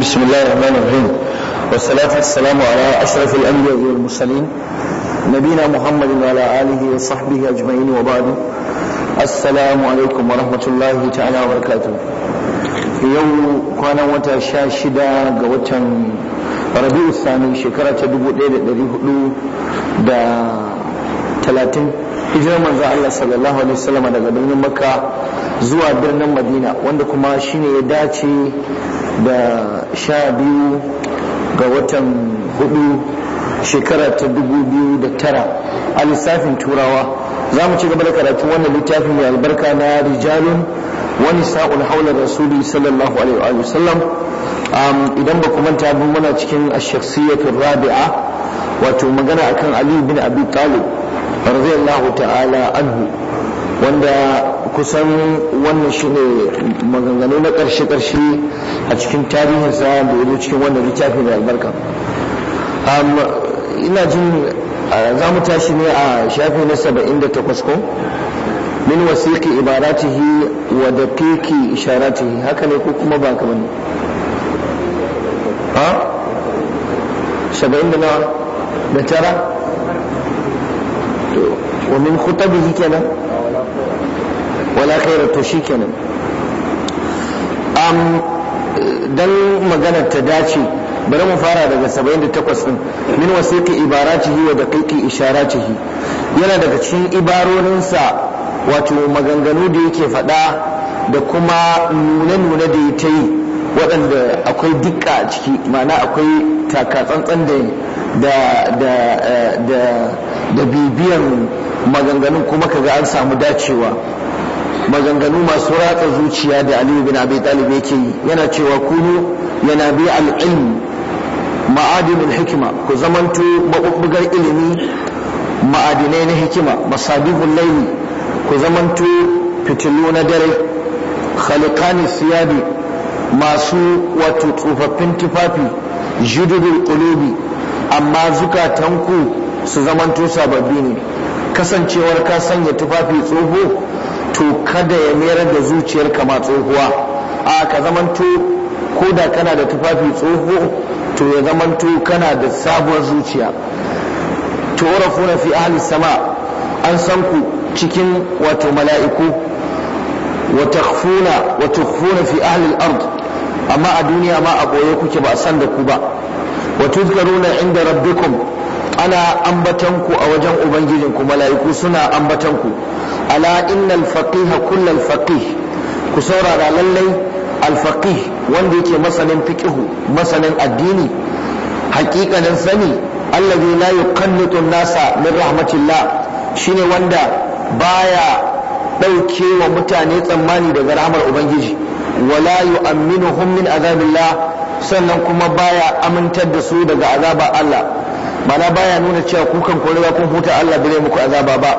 بسم الله الرحمن الرحيم والصلاة والسلام على أشرف الأنبياء والمرسلين نبينا محمد وعلى آله وصحبه أجمعين وبعد السلام عليكم ورحمة الله تعالى وبركاته يوم كان وتا شاشدا وتا ربيع الثاني شكرة دبو ليلة دريه دا 30 hijirar manzo Allah sallallahu alaihi wasallam daga birnin Makka zuwa birnin Madina wanda kuma shine ya dace da sha biyu ga watan hudu shekara ta dubu biyu da tara a lissafin turawa za mu ci gaba da karatu wannan littafin mai albarka na rijalun wani sa'ul haular rasuli sallallahu alaihi wa idan ba ku manta mun muna cikin ashaksiyatun rabi'a wato magana akan ali bin abi talib radiyallahu ta'ala anhu wanda kusan wannan shi ne maganganu na ƙarshe-ƙarshe a cikin tarihinsa da ya cikin wannan littafin da albarka ina jin za mu tashi ne a shafi na saba'in da takwas ko min wasiƙi ibaratihi wa da keke isharatihi haka ne ko kuma ba kamar ha saba'in da na da tara wa min khutabihi kenan wala khaira to shi kenan dan maganar ta dace bari mu fara daga 78 din min wasiqi ibaratihi wa daqiqi isharatihi yana daga cikin ibarorinsa wato maganganu da yake faɗa da kuma nune-nune da ya ta waɗanda akwai dukka a ciki ma'ana akwai taka tsantsan da da da eh, bibiyan maganganun kuma kaga an samu dacewa maganganu masu ratsa zuciya da aliyu bin abi talib yake yi yana cewa kunu yana bi al'ilm ma'adinul hikima ku zamanto mabubbugar ilimi ma'adinai na hikima masadihul laili ku zamanto fitilu na dare khaliqani siyabi masu wato tsofaffin tufafi jududul qulubi amma zukatanku su zamanto sababbi ne kasancewar ka sanya tufafi tsoho to kada ya mayar da zuciyar kama tsohuwa a ka zamanto ko da kana da tufafi tsoho to ya zamanto kana da sabuwar zuciya na fi ahli sama an san ku cikin wato mala'iku wa takhfuna wa tukhfuna fi ahli al amma a duniya ma a boye kuke ba san da ku ba wa tuzkaruna inda rabbikum ana ambatanku a wajen Ubangijin, ubangijinku mala'iku suna ambatanku ala innal faqih kullal faqih ku saurara lallai faqih wanda yake masanin fiqihu masanin addini hakikanin sani allazi la yuqannitu nasa min rahmatillah shine wanda baya dauke wa mutane tsammani daga rahmar ubangiji wala yu'minuhum min azabillah sannan kuma baya amintar da su daga azabar Allah mana baya nuna cewa kukan ko riga kun huta Allah bai muku azaba ba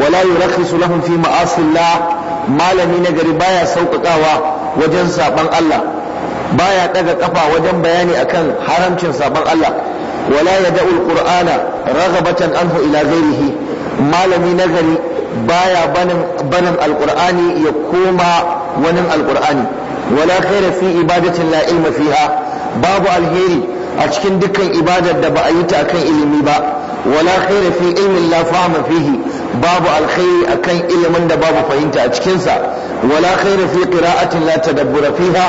wala yurakhisu lahum fi ma'asillah malami na gari baya sauƙaƙawa wajen saban Allah baya daga kafa wajen bayani akan haramcin saban Allah wala yada'u alqur'ana raghabatan anhu ila ghairihi malami na gari baya banin banin alqur'ani ya koma wani alqur'ani wala khaira fi ibadatin la ilma fiha babu alheri a cikin dukkan ibadar da ba a yi ta akan ilimi ba wala khaira fi ilmin la fahma fihi babu alkhairi akan ilimin da babu fahimta a cikin sa wala khaira fi qira'atin la tadabbura fiha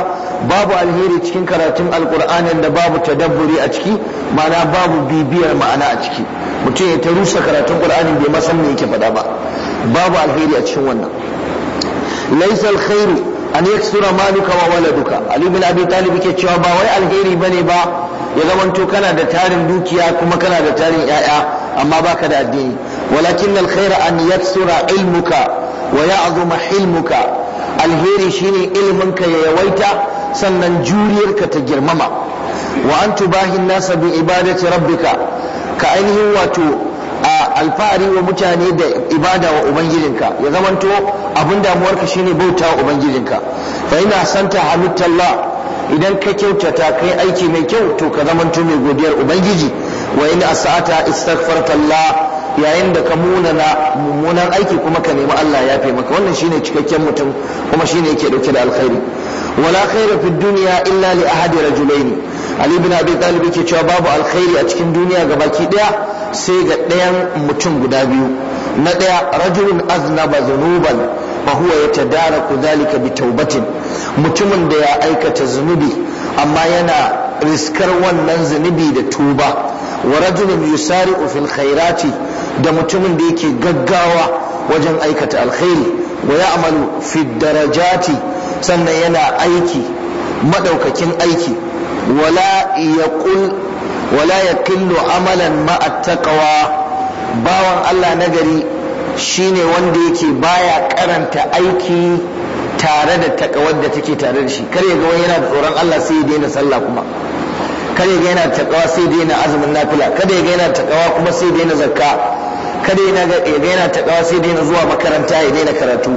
babu alheri cikin karatun alqur'anin da babu tadabburi a ciki ma'ana babu bibiyar ma'ana a ciki mutum ya ta rusa karatun qur'anin bai ma me yake faɗa ba babu alheri a cikin wannan laysa alkhairu an yaksura maluka wa waladuka ali bin abi talib ke cewa ba wai alheri bane ba ya zamanto kana da tarin dukiya kuma kana da tarin yaya amma baka da addini walakin alkhaira an yaksura ilmuka wa ya'zuma hilmuka alheri shine ilminka ya yawaita sannan juriyarka ta girmama wa an tubahin nasa bi ibadati rabbika ka ainihin wato a alfahari wa mutane da ibada wa ubangijinka ya zamanto abin damuwarka shine bauta wa ubangijinka fa ina santa hamidallah idan ka kyautata kai aiki mai kyau to ka zamanto mai godiyar ubangiji wa ina sa'ata istaghfartallah yayin da ka munana mummunan aiki kuma ka nemi Allah ya fi maka wannan shine cikakken mutum kuma shine yake dauke da alkhairi wala khaira fi dunya illa li ahadi rajulaini ali ibn abi talib yake cewa babu alkhairi a cikin duniya gabaki daya sai ga ɗayan mutum guda biyu na ɗaya rajulun aznaba zunuban fa huwa yatadaraku zalika bi taubatin mutumin da ya aikata zunubi amma yana riskar wannan zunubi da tuba wa rajulun yusari'u fil khairati da mutumin da yake gaggawa wajen aikata alkhairi wa ya'malu fi darajati sannan yana aiki madaukakin aiki wala yaqul wala ya yaqillu amalan ma attaqwa bawan Allah nagari shine wanda yake baya karanta aiki tare da takawar da take tare da shi kar ya ga wani yana da tsoron Allah sai ya daina sallah kuma kar ya ga yana takawa sai ya daina azumin nafila kada ya ga yana takawa kuma sai ya daina zakka kada ya ga ya yana takawa sai ya daina zuwa makaranta ya daina karatu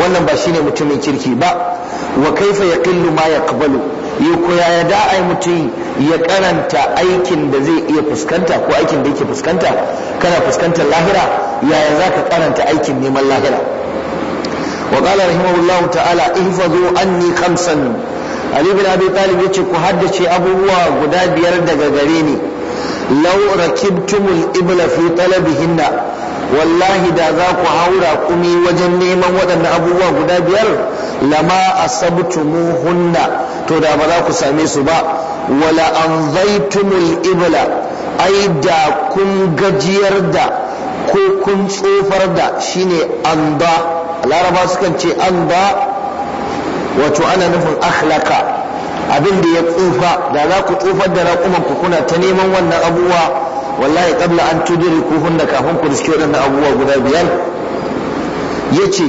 wannan ba shine mutumin kirki ba wa kaifa yaqillu ma yaqbalu yi koya ya da ai mutum ya karanta aikin da zai iya fuskanta ko aikin da yake fuskanta kana fuskantar lahira yaya za ka karanta aikin neman lahira wa qala rahimahullahu ta'ala ihfazu anni khamsan ali bin abi talib yace ku haddace abubuwa guda biyar daga gare ni law rakibtumul ibla fi talabihinna wallahi da za ku haura kumi wajen neman waɗannan abubuwa guda biyar lama asabtumuhunna to da ba za ku same su ba wala anzaitumul ibla ai da kun gajiyar da ko kun tsofar da shine anda laraba sukan ce anda wato ana nufin akhlaka abin da ya tsufa da za ku tsufar da raƙuman ku kuna ta neman wannan abubuwa wallahi kabla an hunna kafin ku riske waɗannan abubuwa guda biyar yace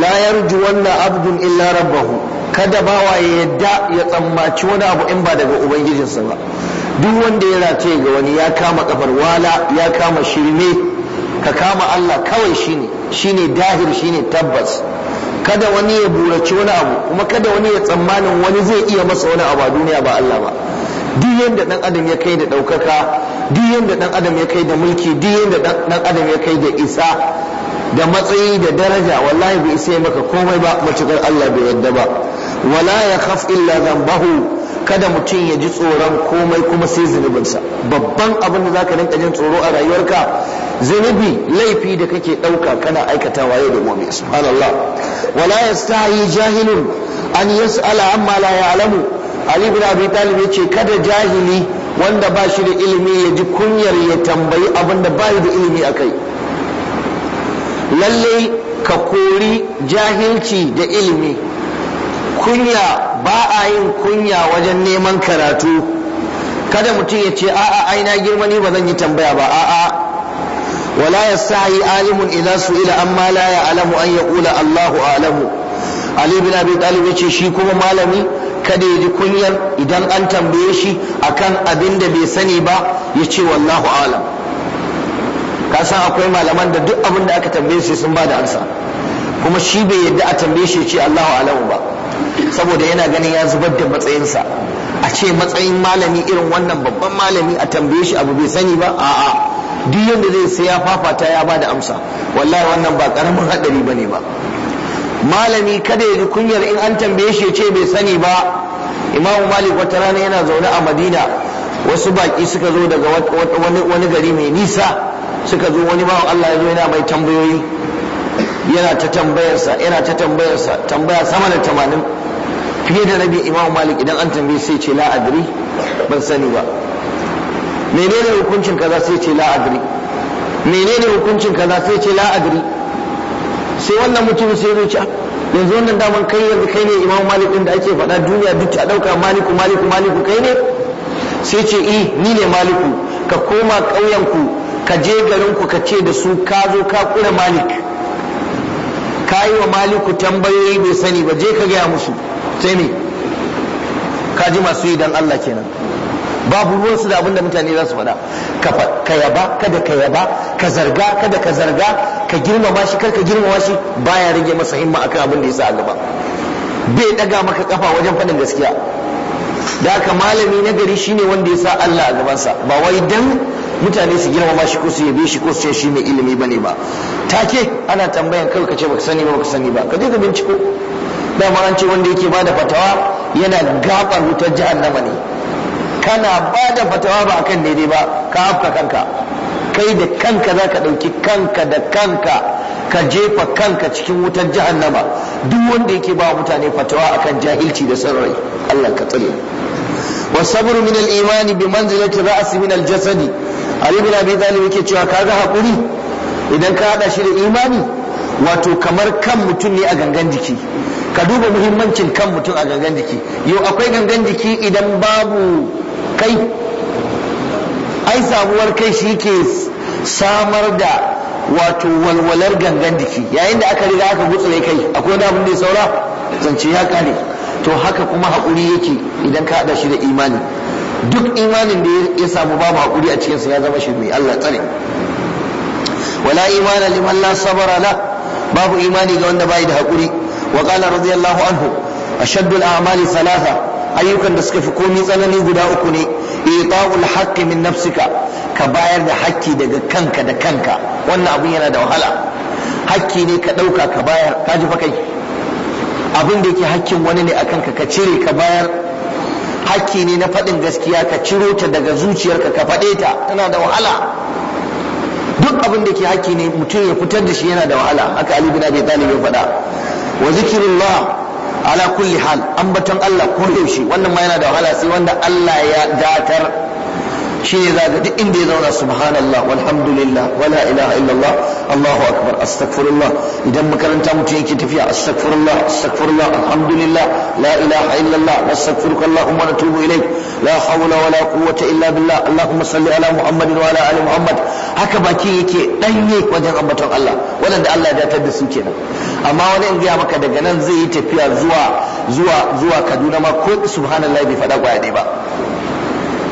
la yarju wannan abdun illa rabbahu kada bawa ya yadda ya tsammaci wani abu in ba daga ubangijinsa ba duk wanda ya rataye ga wani ya kama kafar wala ya kama shirme ka kama Allah kawai shine shine dahir shine tabbas kada wani ya buraci wani abu kuma kada wani ya tsammanin wani zai iya masa wani abu a duniya ba Allah ba duk yadda dan adam ya kai da ɗaukaka duk yadda dan adam ya kai da mulki duk yadda dan adam ya kai da isa da matsayi da daraja wallahi bai isa maka komai ba matukar Allah bai yadda ba wala ya khaf illa zambahu kada mutum ya ji tsoron komai kuma sai zunubinsa babban abin da zaka rinka jin tsoro a rayuwarka zunubi laifi da kake ɗauka kana aikatawa yau da gobe subhanallah wala yastahi jahilun an yas'ala amma la ya'lamu ali ibn abi talib yace kada jahili wanda ba shi da ilimi ya ji kunyar ya tambayi abin da ba da ilimi a kai Lallai ka kori jahilci da ilimi kunya ba a yin kunya wajen neman karatu kada mutum ya ce a'a ai na girma ni ba zan yi tambaya ba a'a wala yi alimun su ila amma la alamu an kula Allahu a'lamu Ali bin Abi ce shi kuma malami kada ya ji kunyar idan an tambaye shi akan abin da bai sani ba ya ce wallahu alam ka san akwai malaman da duk abin da aka tambaye su sun ba da ansa kuma shi bai yadda a tambaye shi ce Allahu alamu ba saboda yana ganin ya zubar da matsayinsa a ce matsayin malami irin wannan babban malami a tambaye shi abu bai sani ba a'a duk yadda zai sai ya fafata ya ba da amsa wallahi wannan ba karamin hadari ne ba malami kada ya ji kunyar in an tambaye shi ce bai sani ba imamu malik wata rana yana zaune a madina wasu baki suka zo daga wani gari mai nisa suka zo wani bawan allah ya zo yana mai tambayoyi yana ta tambayarsa yana ta tambayarsa tambaya sama da tamanin fiye da rabi imamu malik idan an tambaye sai ce la adri ban sani ba menene hukuncin kaza sai ce la adri menene hukuncin kaza sai ce la adri sai wannan mutumin sai zo ah, yanzu wannan daman kai yanzu kai ne imam malik din da ake faɗa duniya duk a ɗauka maliku maliku maliku kai ne sai ce i eh, ni ne maliku ka koma ƙauyenku ka je garinku ka ce da su ka zo ka kura malik ka yi wa maliku tambayoyi bai sani ba je ka gaya musu sai ne ka ji masu yi don allah kenan babu ruwan su da abinda mutane za su faɗa ka yaba kada ka yaba ka zarga kada ka zarga ka girmama shi karka ka girmama shi baya rage masa himma akan abin da ya sa a gaba bai daga maka kafa wajen faɗin gaskiya da haka malami na gari shine wanda ya sa Allah a gabansa ba wai dan mutane su girmama shi ko su yabe shi ko su ce shi mai ilimi bane ba take ana tambayan kai ka ce baka sani ba baka sani ba ka je ka binciko dama an ce wanda yake bada fatawa yana gabar wutar jahannama ne kana ba da fatawa ba akan daidai ba ka afka kanka kai da kanka za ka ɗauki kanka da kanka ka jefa kanka cikin wutar jahannama duk wanda yake ba mutane fatawa akan jahilci da sarari. rai Allah ka tsare والصبر من الإيمان بمنزلة الرأس من الجسد علي بن أبي طالب yake cewa kaga hakuri idan ka hada shi da imani wato kamar kan mutum ne a gangan jiki ka duba muhimmancin kan mutum a gangan jiki yau akwai gangan jiki idan babu kai ai samuwar kai shi ke samar da wato walwalar gangan jiki yayin da aka riga aka gutsure kai akwai wani abin da ya saura zance ya kare to haka kuma haƙuri yake idan ka haɗa shi da imani duk imanin da ya samu babu haƙuri a cikinsa ya zama shi mai Allah tsare wala imana liman la sabara la babu imani ga wanda bai da haƙuri wa qala radiyallahu anhu ashaddu al-a'mali salasa ayyukan da suka fi komai tsanani guda uku ne ita'ul haqqi min nafsika ka bayar da haƙƙi daga kanka da kanka wannan abun yana da wahala Haƙƙi ne ka dauka ka bayar ka ji kai abin da yake haƙƙin wani ne akan ka ka cire ka bayar Haƙƙi ne na faɗin gaskiya ka ciro ta daga zuciyarka ka faɗe ta tana da wahala duk abin da ke haƙƙi ne mutum ya fitar da shi yana da wahala haka ali bin abi talib ya faɗa wa zikrullah ala kulli hal ambaton Allah ko yaushe wannan ma yana da wahala sai wanda Allah ya datar shi ne za ga duk inda ya zauna subhanallah walhamdulillah wala ilaha illallah allahu akbar astaghfirullah idan makaranta mutum yake tafiya astaghfirullah astaghfirullah alhamdulillah la ilaha illallah nastaghfiruka allahumma natubu ilaik la hawla wala quwwata illa billah allahumma salli ala muhammadin wa ala ali muhammad haka baki yake danye wajen ambaton Allah wanda Allah ya datar da su kenan amma wani in gaya maka daga nan zai yi tafiya zuwa zuwa zuwa Kaduna ma ko subhanallah bai faɗa kwaya ba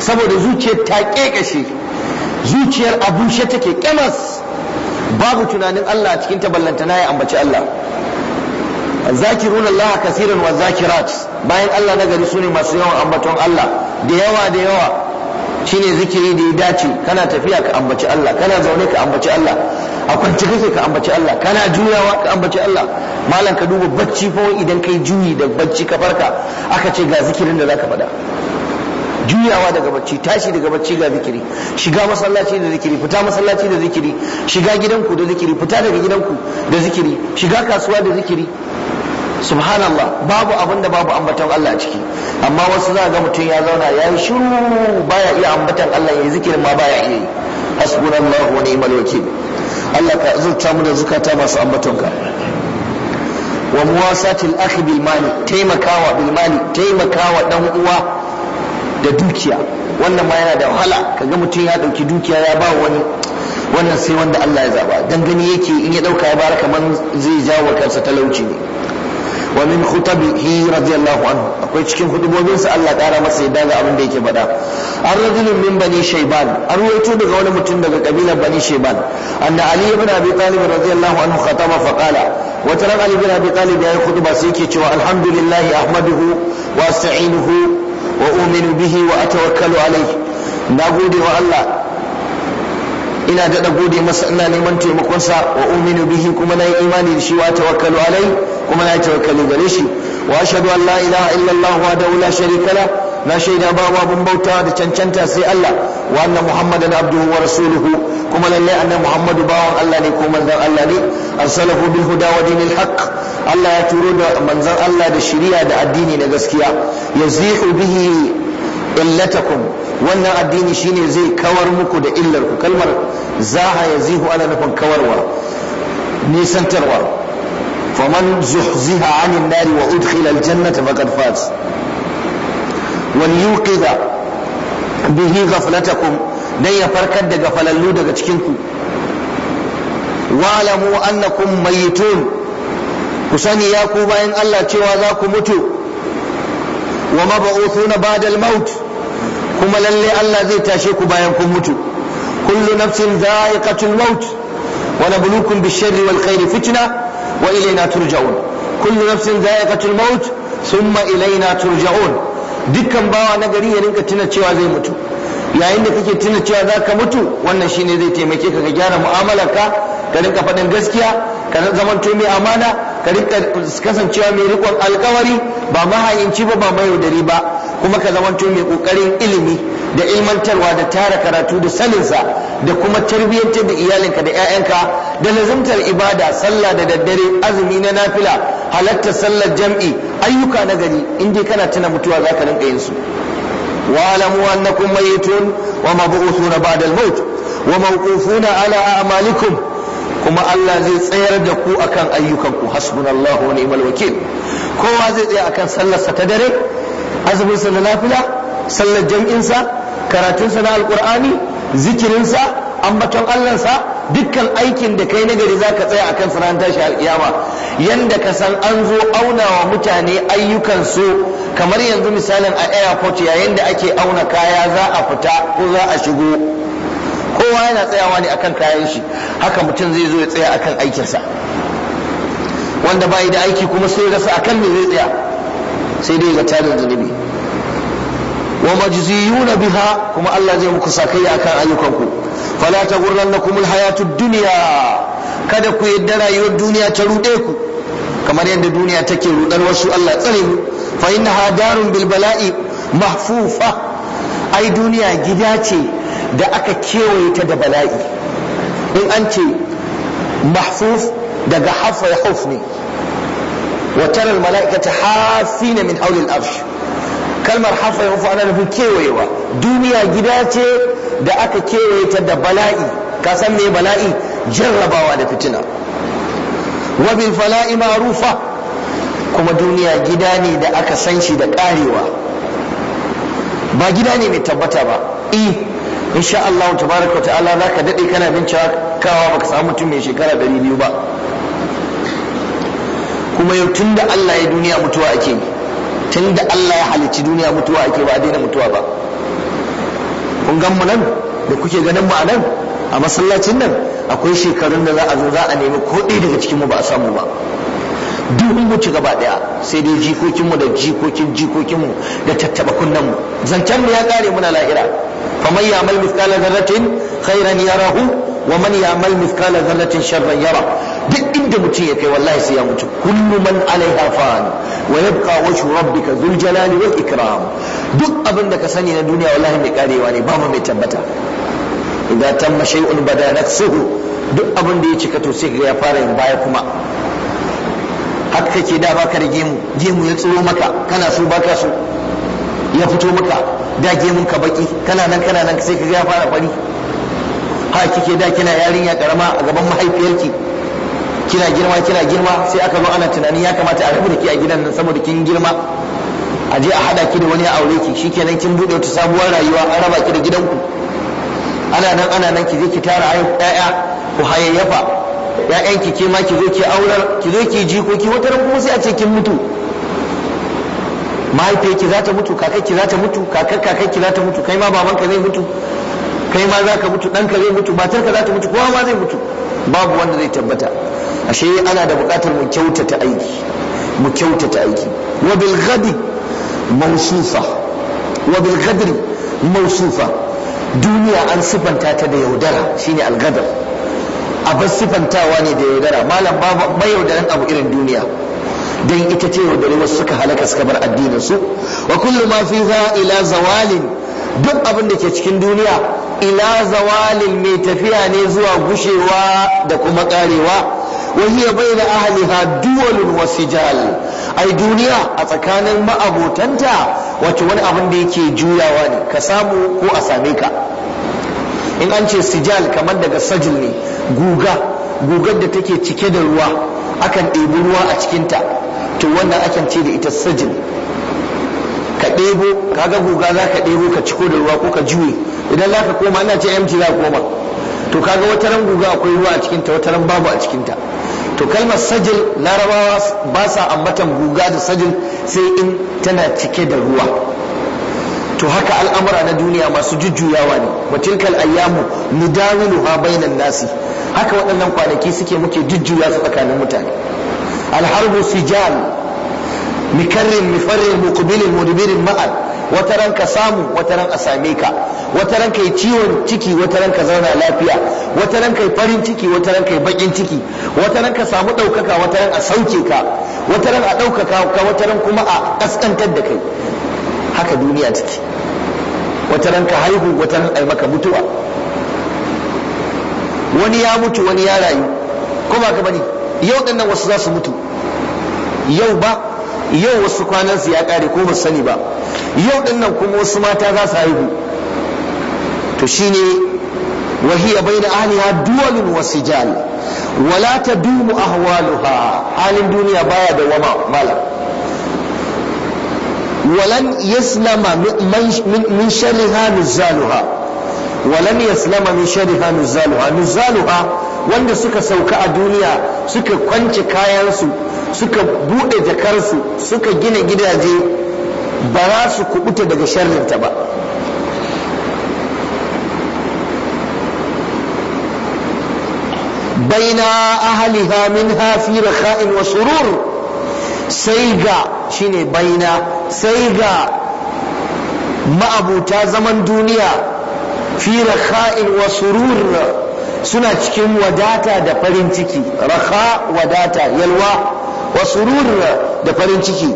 saboda zuciyar ta kekashe zuciyar a bushe take kyamas babu tunanin Allah cikin ta na ya ambaci Allah zakirun Allah kasiran wa zakirat bayan Allah na gari sune masu yawan ambaton Allah da yawa da yawa shine zikiri da ya dace kana tafiya ka ambaci Allah kana zaune ka ambaci Allah a kwanci kake ka ambaci Allah kana juyawa ka ambaci Allah malam ka duba bacci fa idan kai juyi da bacci ka farka aka ce ga zikirin da zaka faɗa juyawa daga bacci tashi daga bacci ga zikiri shiga masallaci da zikiri fita masallaci da zikiri shiga gidanku da zikiri fita daga gidanku da zikiri shiga kasuwa da zikiri subhanallah babu abin da babu ambaton Allah a ciki amma wasu za ga mutum ya zauna ya yi shiru baya iya ambaton Allah ya yi zikirin ma baya iya yi hasbunallahu wa ni'mal wakil Allah ka azurta mu da zukata masu ambatonka wa muwasatil akhi bil mali taimakawa bil mali taimakawa dan uwa da dukiya wannan ma yana da wahala kaga mutum ya dauki dukiya ya ba wani wannan sai wanda Allah ya zaba dan gani yake in ya dauka ya bara kaman zai jawo kansa talauci ne wa min khutabihi radiyallahu anhu akwai cikin hudubobin sa Allah ƙara masa yadda ga abin da yake faɗa an rajulun min bani shayban an ruwaito daga wani mutum daga kabilar bani shayban anna ali ibn abi talib radiyallahu anhu khatama fa qala wa tarak ali ibn abi talib yayi khutba sai yake cewa alhamdulillah ahmaduhu wa asta'inuhu wa uminu bihi wa atawakkalu alai na gode wa Allah ina daɗa gode masa ina neman sa wa uminu bihi kuma na yi imani da shi wa tawakkalu alai kuma na yi tawakkali gare shi wa ashhadu an la ilaha illallah wa wula sharika kala. na shaida babu abin bauta da cancanta sai Allah wa annan muhammadan abduhu wa rasuluhu kuma lallai annan muhammadu bawan Allah ne ko manzon Allah ne arsalahu bil huda wa dinil haqq Allah ya turo da manzon Allah da shari'a da addini na gaskiya yazihu bihi illatakum wannan addini shine zai kawar muku da illar ku kalmar zaha yazihu ana nufin kawarwa nisantarwa faman zuhziha anin nari wa udkhila aljannata faqad faz wani yuqiza bihi ghaflatakum dan ya farkar daga falallu daga cikin ku wa'lamu annakum mayitun ku sani ya ku bayan Allah cewa za ku mutu wa mab'uthuna ba'da al-maut kuma lallai Allah zai tashe ku bayan kun mutu kullu nafsin dha'iqatul maut wa nabluukum bish-sharri wal khairi fitna wa ilayna turja'un kullu nafsin dha'iqatul maut thumma ilayna turja'un dukkan bawa na gari ya rinka tuna cewa zai mutu yayin da kake tuna cewa za ka mutu wannan shine zai taimake ka ka gyara mu'amalarka ka rinka faɗin gaskiya ka to mai amana ka rinka kasancewa mai rikon alkawari ba mahayinci ba ba yaudari ba kuma ka zamanto mai kokarin ilimi da ilmantarwa da tara karatu da saninsa da kuma tarbiyyantar da iyalinka da 'ya'yanka da lazimtar ibada sallah da daddare azumi na nafila halartar sallar jam'i ayyuka na gari in dai kana tuna mutuwa za ka rinka yin su wa'lamu annakum mayitun wa mab'uthuna ba'da al-maut wa mawqufuna ala a'malikum kuma Allah zai tsayar da ku akan ayyukanku hasbunallahu wa ni'mal wakil kowa zai tsaya akan sallarsa ta dare azumin sa na nafila sallar karatun karatunsa na alqur'ani zikirinsa ambaton allansa dukkan aikin da kai nagari za ka tsaya a kan ranar tashi alkiyama yanda ka san an zo auna wa mutane ayyukansu kamar yanzu misalin a airport yayin da ake auna kaya za a fita ko za a shigo kowa yana tsayawa ne akan kayan shi haka mutum zai zo ya tsaya akan aikinsa wanda bai da aiki kuma sai rasa akan me zai tsaya sai dai ga tarin zunubi wa majziyuna biha kuma Allah zai muku sakayya akan ayyukanku fala ta gurran na kumul duniya kada ku yadda rayuwar duniya ta ruɗe ku kamar yadda duniya take ruɗar wasu Allah tsare mu fa innaha darun bil bala'i mahfufa ai duniya gida ce da aka kewaye ta da bala'i in an ce mahfuf daga hafa ya hauf ne wa taral mala'ikata hafina min hawlil arsh kalmar hafa ya ana nufin kewayewa duniya gida ce da aka kewaye ta da bala'i ka san me bala'i jarrabawa da fitina wa fala'i ma'rufa kuma duniya gida ne da aka san shi da karewa ba gida ne mai tabbata ba eh insha Allah tabaraka ta'ala zaka dade kana kawa baka samu mutum mai shekara 200 ba kuma yau tunda Allah ya duniya mutuwa ake yi tun da Allah ya halicci duniya mutuwa ake ba a daina mutuwa ba kun gan mu nan da kuke ganin mu a nan a masallacin nan akwai shekarun da za a zo za a nemi ko ɗaya daga cikin mu ba a samu ba duk mu ci gaba ɗaya sai dai jikokin mu da jikokin jikokin mu da tattaba kunnan mu zancen mu ya kare muna lahira faman ya'mal mithqala dharratin khairan yarahu wa man ya'mal mithqala dharratin sharran yara duk inda mutum ya kai wallahi sai ya mutu kullu man alaiha wa yabqa wajhu rabbika dhul jalali wal ikram duk abin ka sani na duniya wallahi mai karewa ne ba mu mai tabbata idan tamma shay'un bada naqsuhu duk abin da ya cika to sai ga ya fara yin baya kuma haka kake da baka da gemu gemu ya tsiro maka kana so baka so ya fito maka da gemun ka baki kana nan kana nan sai ka ya fara fari haka kike da kina yarinya karama a gaban mahaifiyarki kina girma kina girma sai aka zo ana tunani ya kamata a rabu da ke a gidan nan saboda kin girma a je a hada ki da wani ya aure ki shikenan kin bude wata sabuwar rayuwa an raba ki da gidanku ana nan ana nan ki je ki tara ƴaƴa ku hayayyafa ƴaƴan ki ke ma ki zo ki aurar ki zo ki jikoki wata ran kuma sai a ce kin mutu ki za ta mutu ki za ta mutu kakar ki za ta mutu kai ma babanka zai mutu kai ma za ka mutu ka zai mutu matar ka za ta mutu kowa ma zai mutu babu wanda zai tabbata ashe ana da buƙatar mu kyautata aiki mu kyautata aiki wa bil ghadi mawsufa wa bil ghadri mawsufa duniya an sifanta ta da yaudara shine al ghadar abin sifantawa ne da yaudara malam ba yaudaran abu irin duniya dan ita ce yaudare wasu suka halaka suka bar addinin su wa kullu ma fi ila zawalin duk abin da ke cikin duniya ila zawalin mai tafiya ne zuwa gushewa da kuma karewa wa hiya bayna ahliha duwalun wa sijal ai duniya a tsakanin ma'abotanta wato wani abin da yake juyawa ne ka samu ko a same ka in an ce sijal kamar daga sajil ne guga gugar da take cike da ruwa akan ɗebi ruwa a cikinta to wannan akan ce da ita sajil ka ɗebo kaga guga za ka ɗebo ka ciko da ruwa ko ka juye idan za ka koma ana ce mt za ka koma to kaga wata ran guga akwai ruwa a cikinta wata ran babu a cikinta to kalmar sajil larabawa ba sa ambatan guga da sajil sai in tana cike da ruwa to haka al'amura na duniya masu jujjuyawa ne wa tilkal ayyamu ha bainan nasi haka waɗannan kwanaki suke muke jujjuya su tsakanin mutane alharbu sijal mikarrin mifarrin muqbilin mudbirin ma'al wata ran ka samu wata ran a same ka wata ran ka yi ciwon ciki wata ran ka zauna lafiya wata ran ka farin ciki wata ran ka yi bakin ciki wata ran ka samu ɗaukaka wata ran a sauke ka wata ran a ɗaukaka ka wata ran kuma a kaskantar da kai haka duniya take wata ran ka haihu wata ran ai maka mutuwa wani ya mutu wani ya rayu ko ba ka bane yau dinnan wasu za su mutu yau ba yau wasu kwanan su ya kare ko ba sani ba yau din nan kuma wasu mata za su haihu to shine wahiya baina ahliha duwalun wasijal wala tadumu ahwaluha halin duniya baya da wama malam ولن يسلم من شرها نزالها ولن يسلم من شرها نزالها نزالها wanda suka sauka a duniya suka kwance kayansu suka buɗe jakarsu suka gina gidaje ba za su kubuta daga sharrinta ba baina ahliha minha fi raka'in wa surur sai ga shine baina sai ga ma'abuta zaman duniya fi raka'in wa surur suna cikin wadata da farin ciki raka wadata yalwa wa sururina da farin ciki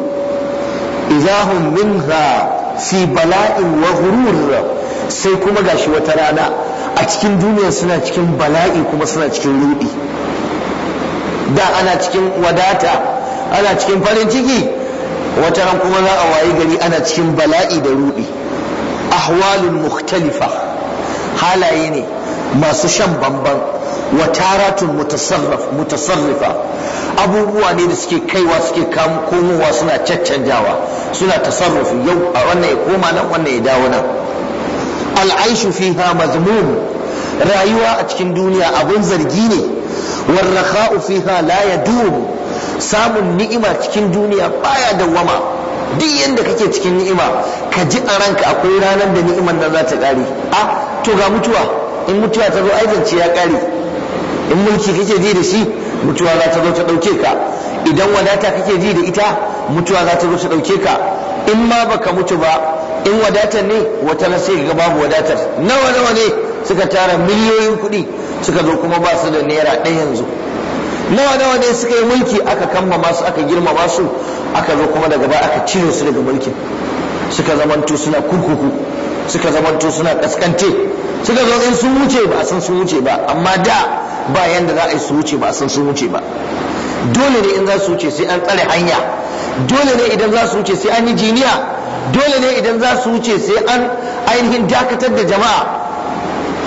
idahum minha fi bala'in wa ghurur sai kuma gashi wata rana a cikin duniya suna cikin bala'i kuma suna cikin rudi da ana cikin wadata ana cikin farin ciki wata ran kuma za a wayi gari ana cikin bala'i da rudi ahwalun mukhtalifa halaye ne masu shan bamban wa taratun mutasarrifa abubuwa ne da suke kaiwa suke komowa suna caccanjawa suna tasarrufi yau a wannan ya koma nan wannan ya dawo nan al'aishu fiha mazmum rayuwa a cikin duniya abun zargi ne fi fiha la samun ni'ima cikin duniya baya dawwama duk yadda kake cikin ni'ima ka ji a ranka akwai ranar da ni'imar da za ta kare a to ga mutuwa in mutuwa ta zo ya kare in mulki kake ji da shi mutuwa za ta zo ta ɗauke ka idan wadata kake ji da ita mutuwa za ta zo ta ɗauke ka in ma baka mutu ba in wadatar ne wata na sai ga babu wadatar nawa nawa ne suka tara miliyoyin kuɗi suka zo kuma ba su da naira ɗaya yanzu nawa nawa ne suka yi mulki aka kammama su aka girmama su aka zo kuma daga ba aka cire su daga mulkin suka zamanto suna kurkuku suka zamanto suna kaskante suka zo in sun wuce ba san sun wuce ba amma da ba yanda za a yi su wuce ba a san sun wuce ba dole ne in za su wuce sai an tsare hanya dole ne idan za su wuce sai an yi jiniya dole ne idan za su wuce sai an ainihin dakatar da jama'a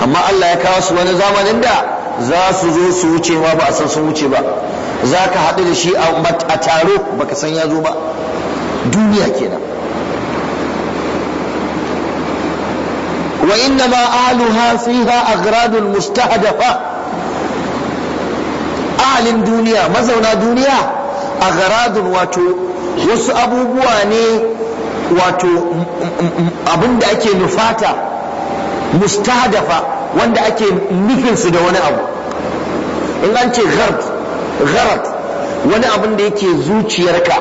amma Allah ya kawo su wani zamanin da za su zo su wuce ma ba a san sun wuce ba za ka haɗu da shi a taro baka san ya zo ba duniya kenan Wa وإنما أهلها فيها أغراض مستهدفة ahalin duniya mazauna duniya a garadun wato wasu abubuwa ne wato abin da ake nufata mustadafa wanda ake nufinsu da wani abu in an ce gharad wani abin da yake zuciyarka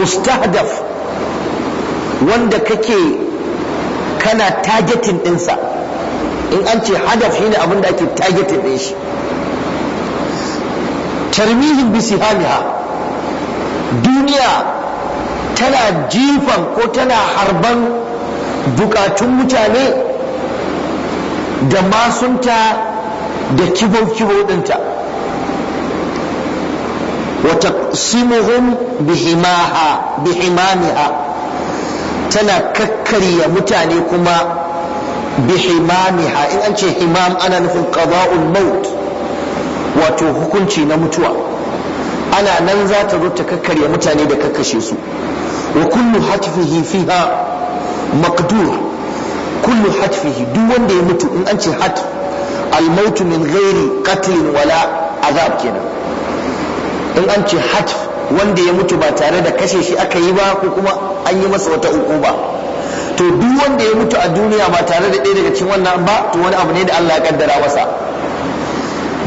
mustahdaf wanda kake kana targeting ɗinsa in an ce hadaf shine abin da ake targeting ɗin shi tarmihin bi sihamiha duniya tana jifan ko tana harban bukatun mutane da masunta da kibau-kibau ɗinta wata simuhun bihimamiha tana kakkarya mutane kuma bihimamiha in an ce himam ana nufin qada'ul maut wato hukunci na mutuwa ana nan za ta zo ta kakkarya mutane da kakkashe su wa kullu hatfihi fiha maqdur kullu hatfihi duk wanda ya mutu in an ce hat al-maut min ghairi qatlin wala azab kenan in an ce hat wanda ya mutu ba tare da kashe shi aka yi ba ko kuma an yi masa wata uku ba to duk wanda ya mutu a duniya ba tare da ɗaya daga cikin wannan ba to wani abu ne da Allah ya kaddara masa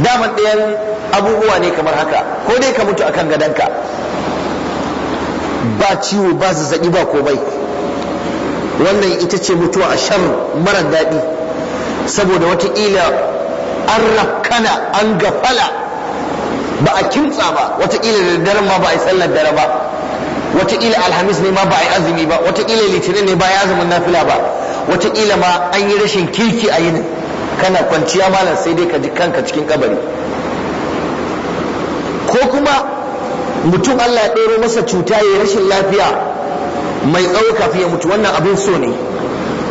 daman ɗayan abubuwa ne kamar haka ko dai ka mutu akan gadonka ba ciwo ba zazzaɓi ba komai wannan ita ce mutuwa a shan mara daɗi saboda watakila an rakkana an gafala ba a kimtsa ba watakila da daren ma ba a yi sallar dare ba watakila alhamis ne ma ba a yi azumi ba watakila litinin ne ba ya zama nafila ba watakila ma an yi rashin kirki a yinin kana kwanciya malam sai dai ka ji kanka cikin kabari ko kuma mutum Allah ya ɗoro masa cuta ya rashin lafiya mai tsawo kafin ya mutu wannan abin so ne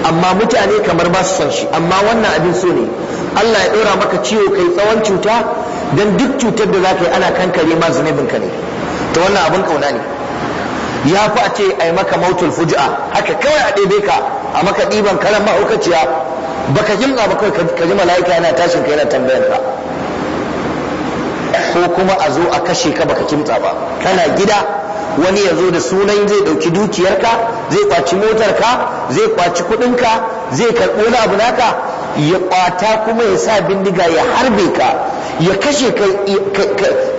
amma mutane kamar ba su son shi amma wannan abin so ne Allah ya ɗora maka ciwo kai tsawon cuta don duk cutar da za ka yi ana kankare ma zunubin ka ne ta wannan abin kauna ne ya fi a ce a yi maka mautul fuji'a haka kawai a ɗebe ka a maka ɗiban karan mahaukaciya baka jimna ba kawai ka ji mala'ika yana tashin ka yana tambayar ka ko kuma a zo a kashe ka baka kimta ba kana gida wani ya zo da sunan zai dauki dukiyarka zai kwaci motarka zai kwaci kudinka zai karɓo wani abu naka ya kwata kuma ya sa bindiga ya harbe ka ya kashe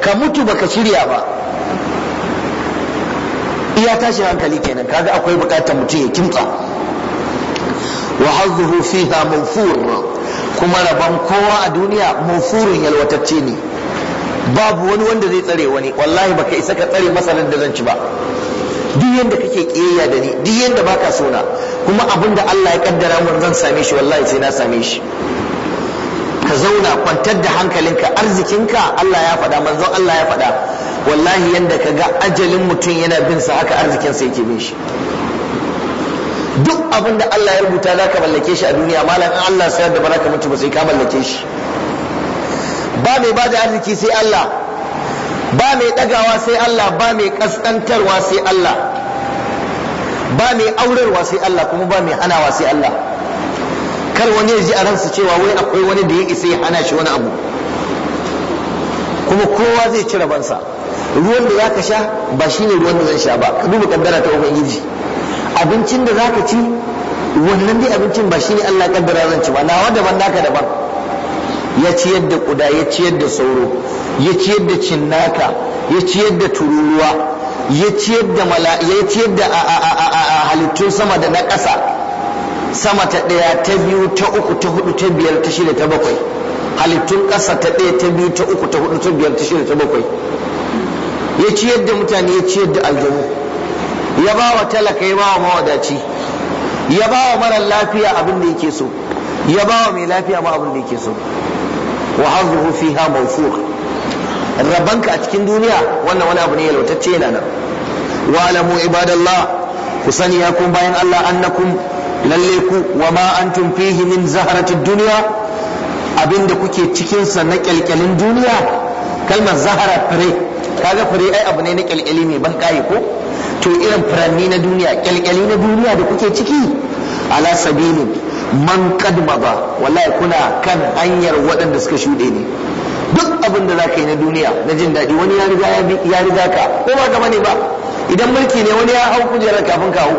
ka mutu baka shirya ba iya tashin hankali kenan kaga akwai bukatar mutum ya kimta wa hazzuhu fiha mawfur kuma rabon kowa a duniya mawfurin yalwatacce ne babu wani wanda zai tsare wani wallahi baka isa ka tsare masalan da zan ci ba duk yanda kake kiyayya da ni duk yanda baka so kuma abinda da Allah ya kaddara mun zan same shi wallahi sai na same shi ka zauna kwantar da hankalinka arzikinka Allah ya faɗa manzon Allah ya faɗa wallahi yanda ka ga ajalin mutum yana bin sa haka arzikinsa yake bin shi duk abin da Allah ya rubuta za ka mallake shi a duniya malam in Allah sayar da baraka mutu ba sai ka mallake shi ba mai ba da arziki sai Allah ba mai dagawa sai Allah ba mai kaskantarwa sai Allah ba mai aurarwa sai Allah kuma ba mai hanawa sai Allah kar wani ya ji a ransa cewa wai akwai wani da ya isa ya hana shi wani abu kuma kowa zai ci rabansa ruwan da ya ka sha ba shine ruwan da zan sha ba ka duba kaddara ta ubangiji abincin da zaka ci wannan dai abincin ba shine Allah kaddara zan ci ba nawa daban naka daban ya ciyar da kuda ya ciyar da sauro ya ciyar da cinnaka ya ciyar da tururuwa ya ciyar da ya ciyar da halittun sama da na ƙasa sama ta ɗaya ta biyu ta uku ta hudu ta biyar ta shida ta bakwai halittun ƙasa ta ɗaya ta biyu ta uku ta hudu ta biyar ta shida ta bakwai ya ciyar da mutane ya ciyar da aljanu ya ba wa talaka ya ba wa mawadaci ya ba wa mara lafiya abin da yake so ya ba wa mai lafiya ma abin da yake so wa hazuhu fiha mawfuq rabanka a cikin duniya wannan wani abu ne yalwatacce yana nan wa alamu ibadallah ku sani ya kun bayan Allah annakum lalle ku wa ma antum fihi min zaharatid dunya abinda kuke cikin sa na kyalkyalin duniya kalmar zahara fure kaga fure ai abu ne na kyalkyali mai ban ko to irin furanni na duniya kyalkyali na duniya da kuke ciki ala sabilin man kadma ba wallahi kuna kan hanyar waɗanda suka shuɗe ne duk abin da zaka yi na duniya na jin daɗi wani ya riga ka ko ba gama ne ba idan mulki ne wani ya hau kujerar kafin ka hau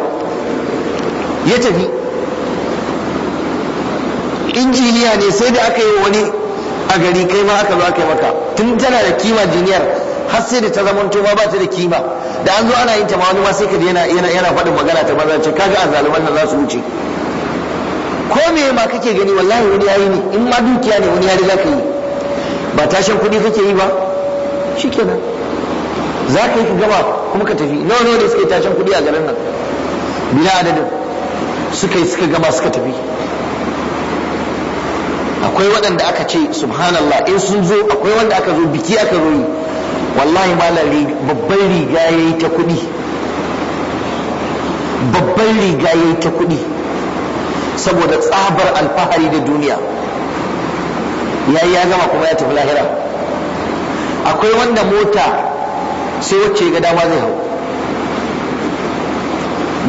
ya tafi injiniya ne sai da aka yi wani a gari kai ma aka zo aka yi maka tun tana da kima jiniyar har sai da ta zamanto ma ba ta da kima da an zo ana yin ta ma wani ma sai ka je yana yana faɗin magana ta maza ce kaga azzaluman nan za su wuce ko me ma kake gani wallahi wani yayi ne in ma dukiya ne wani yari zaka yi ba tashin kuɗi kake yi ba shikenan za ka yi ka gaba kuma ka tafi nawa nawa da suka yi tashin kuɗi a garin nan bila adadin suka yi suka gaba suka tafi akwai waɗanda aka ce subhanallah in sun zo akwai wanda aka zo biki aka zo yi wallahi malari babban riga ya yi ta kuɗi babban riga ya yi ta kuɗi saboda tsabar alfahari da duniya ya yi ya gama kuma ya tafi lahira akwai wanda mota sai wacce ga dama zai hau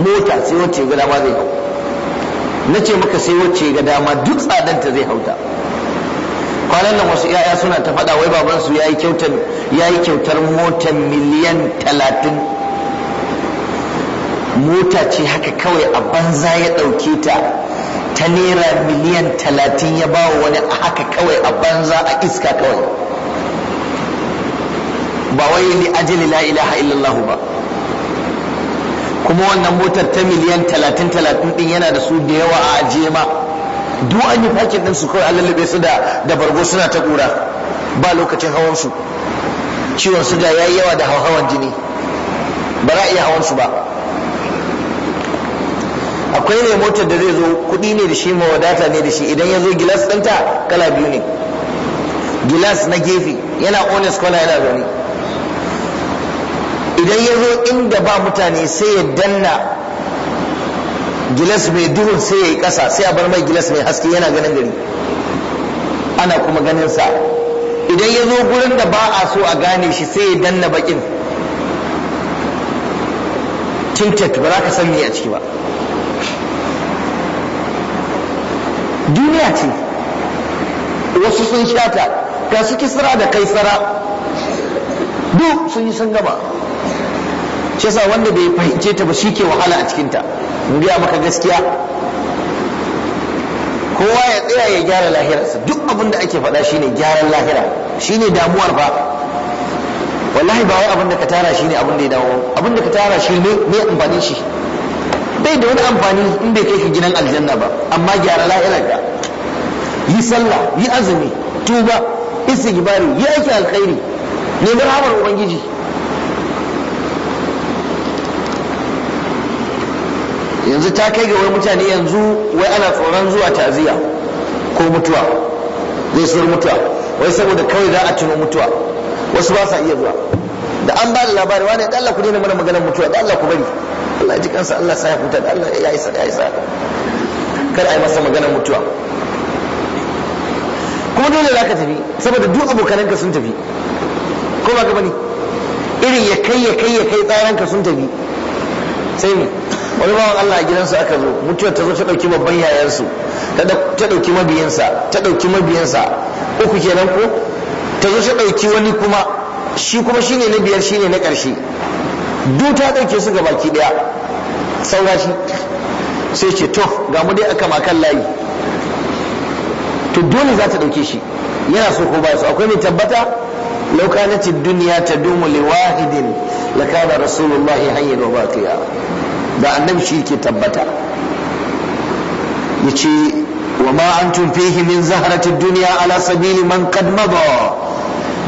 mota sai wacce ga dama zai hau na ce maka sai wacce ga dama duk tsadanta zai hauta kwanan nan wasu yaya suna ta faɗa wai babansu ya yi kyautar motar miliyan talatin mota ce haka kawai a banza ya ɗauke ta ta naira miliyan talatin ya ba wani haka kawai a banza a iska kawai ba wai li ajali la ilaha illallah ba kuma wannan motar ta miliyan talatin talatin din yana da su da yawa a ajiye ma duk an yi fakin din su kawai an lallabe su da da bargo suna ta kura ba lokacin hawan su ciwon su suga yayi yawa da hawan jini ba za a iya hawan su ba akwai ne motar da zai zo kuɗi ne da shi mawadata ne da shi idan ya zo gilas ɗinta kala biyu ne gilas na gefe yana onis kwana yana zaune idan ya zo inda ba mutane sai ya danna gilas mai duhun sai ya yi ƙasa sai a bar mai gilas mai haske yana ganin gari ana kuma ganin idan ya zo gurin da ba a so a gane shi sai ya danna bakin tinted ba za ka san me a ciki ba duniya ce wasu sun shata ga su kisra da kaisara duk sun yi sun gaba shi yasa wanda bai fahimce ta ba shi ke wahala a cikinta in biya maka gaskiya kowa ya tsaya ya gyara lahira duk abin da ake faɗa shine gyaran lahira shine damuwar ba wallahi ba wai abin da ka tara shine abin da ya dawo abin da ka tara shi ne me amfani shi bai da wani amfani in bai kai ka gidan aljanna ba amma gyara lahirarka yi sallah yi azumi tuba istighfari yi aiki alkhairi ne rahamar ubangiji yanzu ta kai ga wani mutane yanzu wai ana tsoron zuwa ta'aziyya ko mutuwa zai suwar mutuwa wai saboda kawai za a tuno mutuwa wasu ba sa iya zuwa da an ba da labari wani da Allah ku daina mana maganar mutuwa da Allah ku bari Allah ya ji kansa Allah sa ya huta da Allah ya isa ya isa kar a yi masa maganar mutuwa kuma dole za ka tafi saboda duk abokananka sun tafi ko ba ka bani irin ya kai ya kai ya kai tsaranka sun tafi sai ne wani bawan Allah a gidansa aka zo mutuwar ta zo ta ɗauki babban yayansu ta ɗauki mabiyansa ta ɗauki mabiyansa uku kenan ko ta zo ta ɗauki wani kuma shi kuma shine na biyar shine na ƙarshe duk ta ɗauke su ga baki ɗaya saura shi sai ce to ga mu dai aka makan layi to dole za ta ɗauke shi yana so ko ba su akwai mai tabbata لو كانت الدنيا تدوم لواحد لكان رسول الله حيا وباقيا da annabi shi ke tabbata ya ce wa ma antum fihi min zaharatid duniya ala sabili man qad mada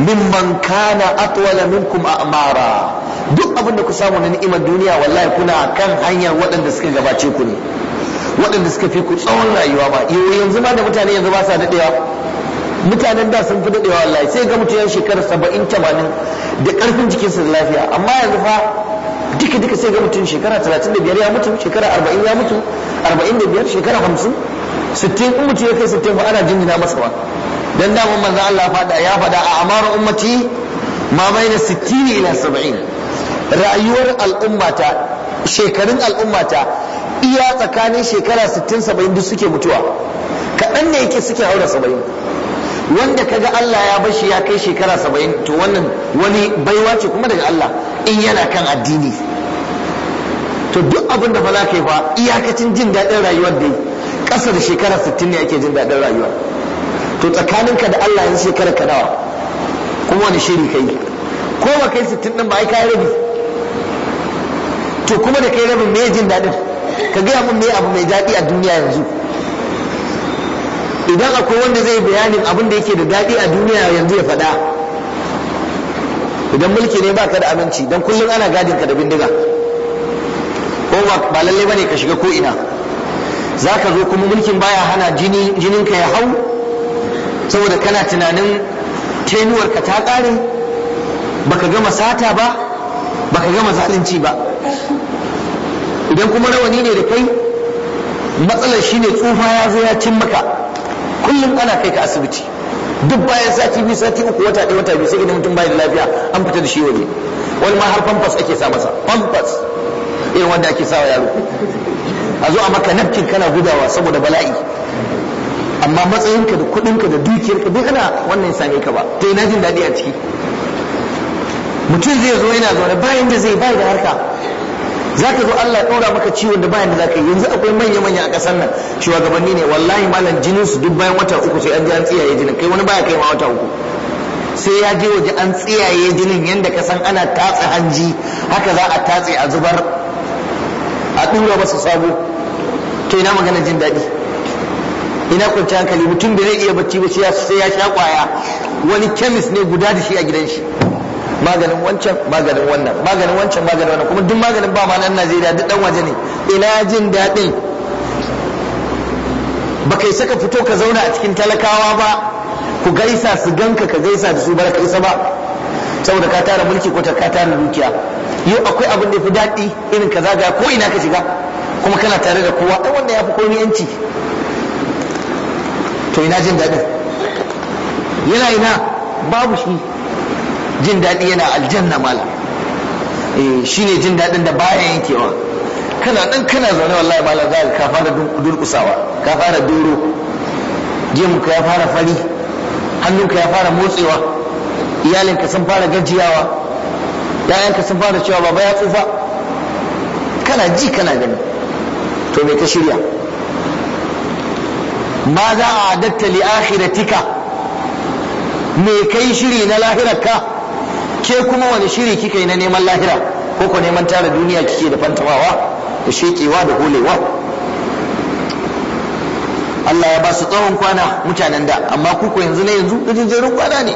man kana atwala minkum a'mara duk abin da ku samu na ni'imar duniya wallahi kuna kan hanyar waɗanda suka gabace ku ne waɗanda suka fi ku tsawon rayuwa ba yanzu ma da mutane yanzu ba sa daɗewa mutanen da sun fi daɗewa wallahi sai ga mutum yan shekara saba'in tamanin da ƙarfin jikinsa da lafiya amma yanzu fa duka duka sai ga mutum shekara 35 ya mutu shekara 40 ya mutu 45 shekara 50 60 in mutu ya kai 60 ba ana jinjina masa ba dan da manzon Allah fada ya fada a amara ummati ma baina 60 ila 70 rayuwar al'ummata shekarun al'ummata iya tsakanin shekara 60 70 duk suke mutuwa kaɗan ne yake suke haura 70 wanda kaga Allah ya bashi ya kai shekara saba'in to wannan wani baiwa ce kuma daga Allah in yana kan addini to duk abin da fa za ka yi fa iyakacin jin daɗin rayuwar dai ƙasa da shekara sittin ne ake jin daɗin rayuwa to tsakaninka da Allah yanzu shekara ka nawa kuma wani shiri ka yi ko ba kai sittin ɗin ba ai kayi rabi to kuma da kai rabin me jin daɗin ka gaya min me abu mai daɗi a duniya yanzu idan akwai wanda zai bayanin abin da yake da daɗi a duniya yanzu ya faɗa idan mulki ne baka da aminci don kullum ana gadin ka da bindiga ko ba lalle bane ka shiga ko ina za ka zo kuma mulkin baya hana jinin ka ya hau saboda kana tunanin tenuwar ka ta ƙare baka gama sata ba baka gama zalunci ba idan kuma rawani ne da kai matsalar shine tsufa ya zo ya cin maka kullum ana kai ka asibiti duk bayan sati biyu sati uku wata ɗaya wata biyu sai idan mutum bai da lafiya an fita da shi waje wani ma har pampas ake sa masa pampas irin wanda ake sa wa yaro a zo a maka nafkin kana gudawa saboda bala'i amma matsayinka da kuɗinka da dukiyarka duk ana wannan same ka ba to ina jin daɗi a ciki mutum zai zo yana zaune bayan da zai ba da harka za ka zo Allah ɗora maka ciwon da bayan da za yi yanzu akwai manya-manya a ƙasar nan shugabanni ne wallahi malam jinin su duk bayan wata uku sai an ji an tsiyaye jinin kai wani baya kai ma wata uku sai ya je waje an tsiyaye jinin yanda ka san ana tatse hanji haka za a tatse a zubar a ɗura masa sabo to ina magana jin daɗi ina kwanci hankali mutum bai iya bacci ba sai ya sha kwaya wani kemis ne guda da shi a gidan shi maganin wancan maganin wannan maganin wancan maganin wannan kuma duk maganin ba ma nan Najeriya duk dan waje ne ina jin daɗin ba kai saka fito ka zauna a cikin talakawa ba ku gaisa su ganka ka gaisa da su barka isa ba saboda ka tara mulki ko ka tara dukiya yau akwai abin da fi daɗi irin ka zaga ko ina ka shiga kuma kana tare da kowa ai wanda ya fi komai yanci to ina jin daɗin yana ina babu shi jin daɗi yana aljanna mala shi eh, shine jin daɗin da baya yankewa kana ɗan kana zaune wallahi mala za ka fara durkusawa ka fara duro ka ya fara fari hannunka ya fara motsewa iyalinka sun fara gajiyawa yayanka sun fara cewa baba ya tsufa kana ji kana gani to me ka shirya ma za a adatta li akhiratika me kai shiri na lahirarka ke kuma wani shiri kika yi na neman lahira ko ko neman tara duniya kike da fantamawa da shekewa da holewa Allah ya ba su tsawon kwana mutanen da amma kuku yanzu na yanzu da jinjirin kwana ne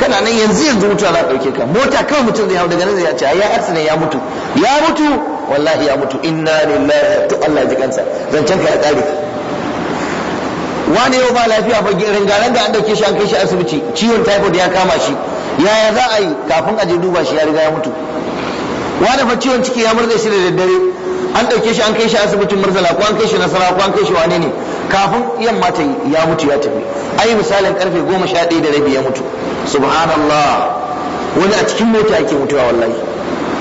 kana nan yanzu yanzu mutuwa za a ɗauke ka mota kawai mutum zai hau daga nan zai ce ya arsina ya mutu ya mutu wallahi ya mutu inna lillahi to Allah ya ji kansa zancen ka ya tsare wani yau ba lafiya ba ranga ranga an dauke shi an kai shi asibiti ciwon typhoid ya kama shi yaya za a yi kafin a je duba shi ya riga ya mutu wani fa ciwon ciki ya murza shi da daddare an ɗauke shi an kai shi asibitin murzala ko an kai shi nasara ko an kai shi wane ne kafin yamma ta yi ya mutu ya tafi ai misalin karfe goma sha ɗaya da rabi ya mutu subhanallah wani a cikin mota ake mutuwa wallahi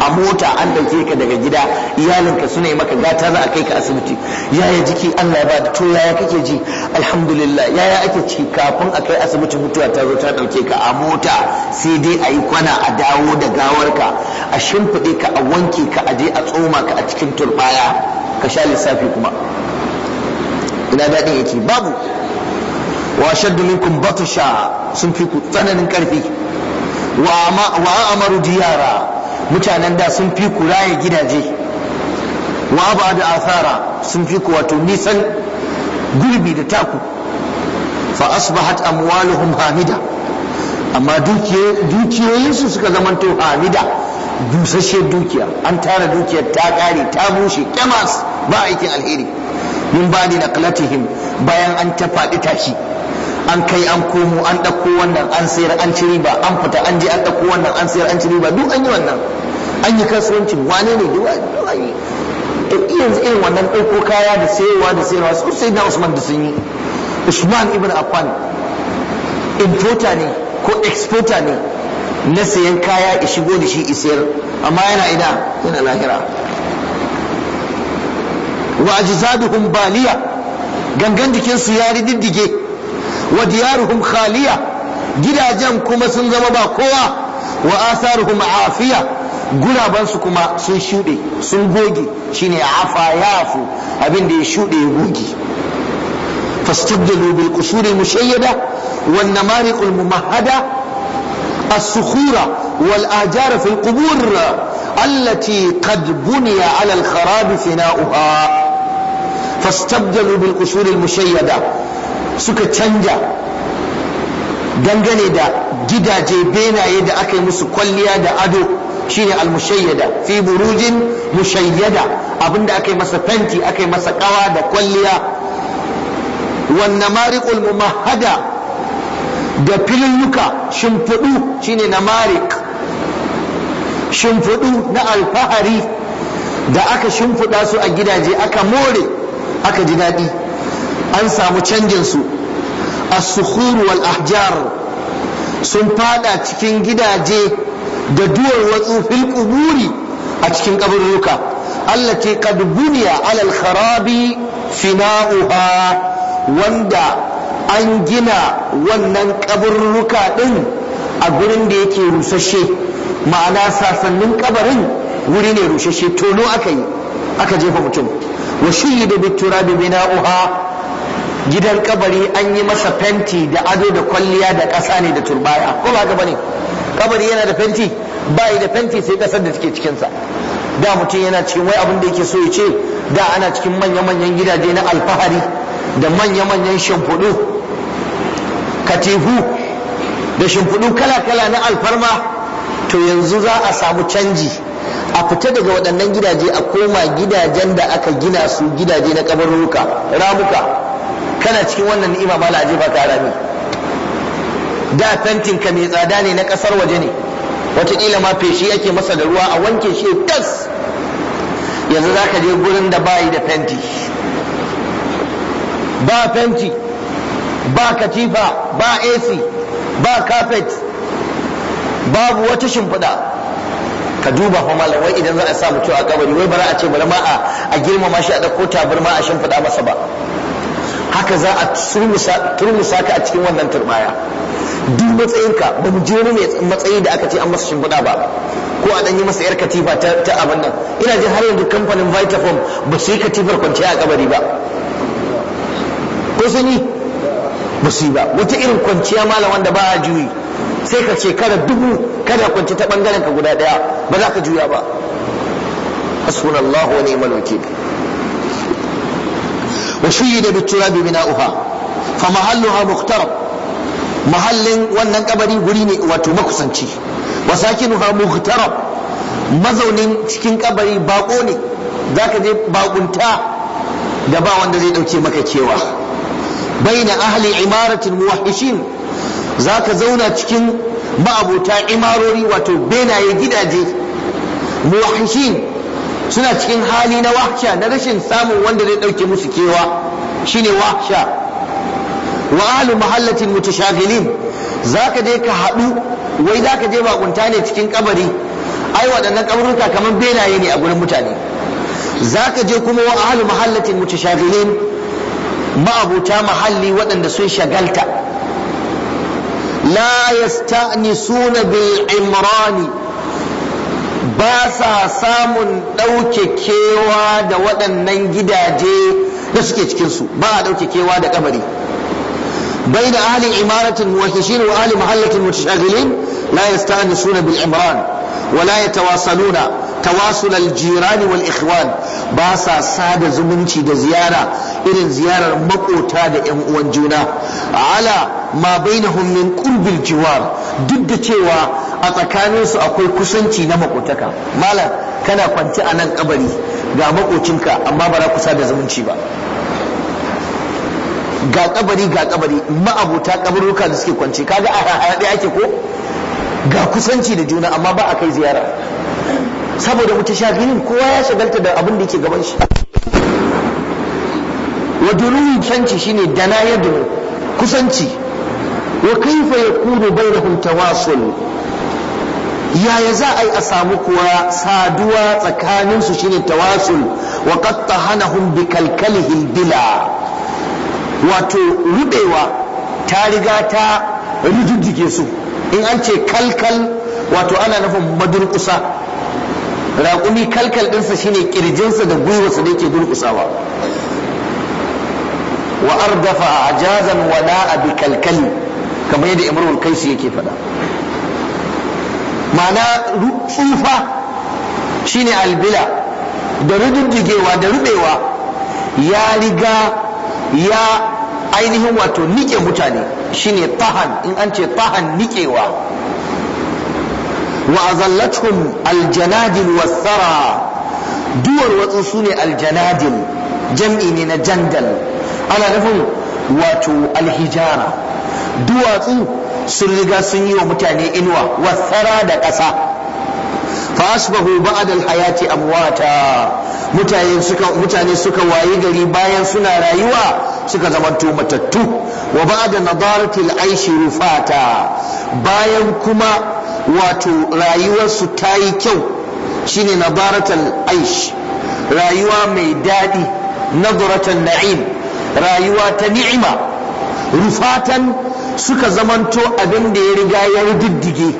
a mota an ɗauke ka daga gida iyalinka suna yi maka gata za a kai ka asibiti yaya jiki Allah ba to yaya kake ji alhamdulillah yaya ake ciki kafin a kai asibiti mutuwa ta zo ta ɗauke ka a mota sai dai a yi kwana a dawo da gawarka a shimfiɗe ka a wanke ka a je a tsoma ka a cikin turbaya ka sha lissafi kuma ina daɗin yake babu wa shaddu minkum batsha sun fi ku tsananin karfi wa amaru diyara mutanen da sun fi ku raye gidaje wa ba da asara sun fi ku wato nisan gurbi da taku fa asbahat amwaluhum hamida amma dukiyoyinsu suka zamanto hamida dusashe dukiya an tara dukiyar ta kare ta bushe kyamas ba aikin alheri min bani da naqlatihim bayan an ta faɗi tashi an kai an komo an ɗauko wannan an sayar an ci riba an fita an je an ɗauko wannan an sayar an ci riba duk an yi wannan an yi kasuwanci wane ne duk an yi yanzu irin wannan ɗauko kaya da sayarwa da sayarwa su sai na usman da sun yi usman ibn affan importer ne ko exporter ne na sayan kaya ya shigo da shi isayar amma yana ina yana lahira wa ajzaduhum baliya gangan jikinsu ya rididdige wa diyaruhum khaliya gidajen kuma sun zama ba kowa wa asaruhum afiya gulaban su kuma sun shuɗe sun goge shine afa yafu abin da ya shuɗe ya goge fastabdalu bil qusur mushayyada wan namariq al mumahhada as sukhura wal ajara fil qubur التي قد بني على الخراب فناؤها فاستبدلوا بالقشور المشيده suka canja dangane da gidaje benaye da aka yi musu kwalliya da ado shine almushayyada fi burujin mushayyada abinda aka yi masa fenti aka yi masa kawa da kwalliya wannan mariqul mumahada da fililluka shimfiɗu shine na marik shimfiɗu na alfahari da aka shimfiɗa su a gidaje aka more aka ji daɗi an samu canjin su as-sukhur ahjar sun fada cikin gidaje da duwar watsu fil a cikin kaburruka allati qad buniya ala kharabi fina'uha wanda an gina wannan kaburruka din a gurin da yake rusashe ma'ana sasannin kabarin wuri ne rusashe tono aka yi aka jefa mutum wa shuyida biturabi bina'uha gidan kabari an yi masa fenti da ado da kwalliya da ƙasa ne da turbaya ko ba haka bane kabari yana da fenti ba da fenti sai ƙasar da take cikinsa da mutum yana cikin wai abin da yake so ya ce da ana cikin manya-manyan gidaje na alfahari da manya-manyan shimfudu, katifu da shimfudu kala-kala na alfarma to yanzu za a samu canji a fita daga waɗannan gidaje a koma gidajen da aka gina su gidaje na ƙabarruka, ramuka kana cikin wannan ni'ima ba aje ba ka rami da fentin ka mai tsada ne na kasar waje ne wataƙila ma feshi yake masa da ruwa a wanke shi tas yanzu za ka je gurin da bayi da fenti ba fenti ba katifa ba ac ba carpet babu wata shimfiɗa ka duba fa malam wai idan za a sa mutum a kabari wai bara a ce bari ma a girmama shi a ɗauko tabarma a shimfiɗa masa ba haka za a turmusa ka a cikin wannan turbaya duk matsayinka ba mu je mai matsayi da aka ce an masa shimfiɗa ba ko a ɗan yi masa yar katifa ta abin nan ina jin har yanzu kamfanin vitafoam ba su yi katifar kwanciya a kabari ba ko sun yi ba su yi ba wata irin kwanciya mala wanda ba a juyi sai ka ce kada dubu kada kwanci ta ɓangaren ka guda ɗaya ba za ka juya ba hasbunallahu ne ni'mal وشيد بالتراب بناؤها فمحلها مخترب muhallin wannan kabari guri ne wato makusanci wa sakinuha muhtarab mazaunin cikin kabari bako ne zaka je baƙunta da ba wanda zai ɗauke maka cewa baina ahli imaratin muwahhishin zaka zauna cikin ma'abuta imarori wato benaye gidaje muwahhishin suna cikin hali na wahsha na rashin samun wanda zai ɗauke musu kewa shine wahsha wa ahlu mahallatin mutashaghilin zaka je ka haɗu wai zaka je bakunta ne cikin kabari ai waɗannan kaburuka kamar benaye ne a gurin mutane zaka je kuma wa ahlu mahallatin mutashaghilin ma'abuta mahalli waɗanda sun shagalta la yasta'nisuna bil imrani ba sa samun ɗauke kewa da waɗannan gidaje da suke cikinsu ba a ɗauke kewa da ƙabari bai da alin imaratun muwahishin wa alin mahallatin mutashagilin la yasta'an suna bil imran wa la yatawassaluna tawasul aljirani wal ikhwan ba sa sada zumunci da ziyara irin ziyarar makota da yan uwan juna ala ma bainahum min qurbil jiwar duk da cewa a tsakanin su akwai kusanci na makotaka malam kana kwanci a nan kabari ga makocinka amma ba za ku sada zumunci ba ga kabari ga kabari ma'abota kabaruka da suke kwance kaga a haɗe ake ko ga kusanci da juna amma ba a kai ziyara saboda sha biyun kowa ya shagalta da abin da yake gaban shi wa dururin canci shine dana ya kusanci wa kaifa yakunu bainahum tawasul yaya za a yi a samu kuwa saduwa tsakaninsu shine tawasul wa qad hana bi kalkalihi bila wato rubewa ta riga ta rujujjige su in an ce kalkal wato ana nufin madurkusa raƙumi kalkal ɗinsa shine ƙirjinsa da gwiwarsa da yake durƙusawa wa ardafa ajazan a bi kalkali kamar yadda imrul kaisu yake faɗa ma'ana tsufa shine albila da rududdigewa da rubewa ya riga ya ainihin wato nike mutane shine tahan in an ce tahan nikewa wa azallatuhum aljanadil wassara duwar watsu su ne aljanadil jam'i ne na jandal ana nufin wato alhijara duwatsu sun riga sun yi wa mutane inuwa wasara da ƙasa fa asbahu ba'da alhayati amwata mutane mutane suka wayi gari bayan suna rayuwa suka zamanto matattu wa ba'da nadaratil aishi rufata bayan kuma wato rayuwarsu ta yi kyau shine nadaratul Aishi. rayuwa mai daɗi nadratan na'im rayuwa ta ni'ima rufatan suka zamanto abin da ya riga ya diddige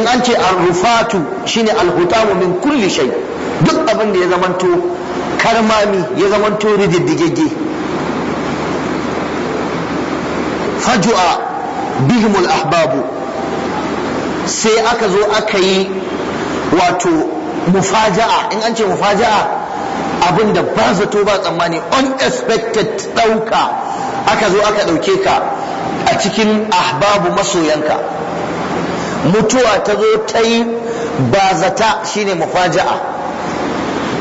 in an ce rufatu shine al-hutamu min kulli duk abin da ya zamanto karmami ya zamanto rididdigegge fajua bihimul ahbabu sai aka zo aka yi wato mufaja'a in an ce mufaja'a abin da ba zato ba tsammani unexpected ɗauka aka zo aka ɗauke ka a cikin ahbabu masoyanka mutuwa ta zo ta yi ba zata shine mufaja'a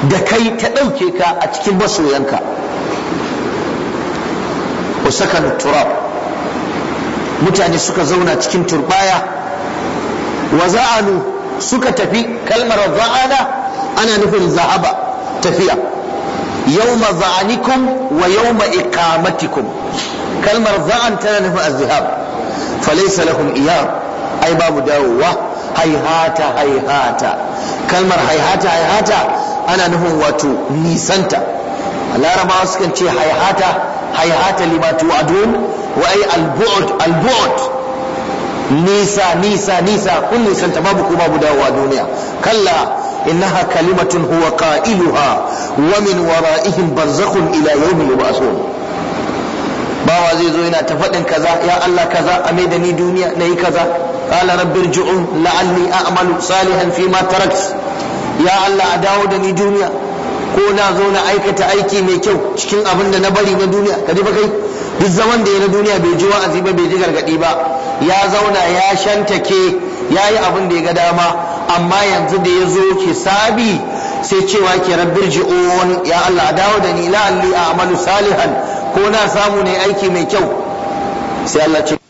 da kai ta ɗauke ka a cikin masoyanka saka turab mutane suka zauna cikin turbaya wa za'alu suka tafi kalmar za'ala ana nufin zahaba tafiya yawma za'anikum wa yawma ikamatikun kalmar za'an tana nufin azhab falaysa lahum iyar ai babu dawowa haihata haihata kalmar haihata haihata ana nufin wato nisanta larabawa sukan ce haihata haihata limatu adun wai al-bu'd nisa nisa nisa kun nisanta babu kuma babu dawowa duniya kalla إنها كلمة هو قائلها ومن ورائهم برزخ إلى يوم يبعثون bawa zai zo yana ta faɗin kaza ya Allah kaza a mai da ni duniya na yi kaza qala rabbi la'alli a'malu salihan fi ma tarakt ya Allah a dawo da ni duniya ko na zo na aikata aiki mai kyau cikin abin da na bari na duniya ka ji fa kai duk zaman da ya na duniya bai ji wa'azi ba bai ji gargadi ba ya zauna ya shantake ya yi abin da ya ga dama amma yanzu da ya zo sabi sai cewa ke rabbir ji'un ya Allah dawo da ni la'alli a amalu salihan ko na samu ne aiki mai kyau sai Allah ce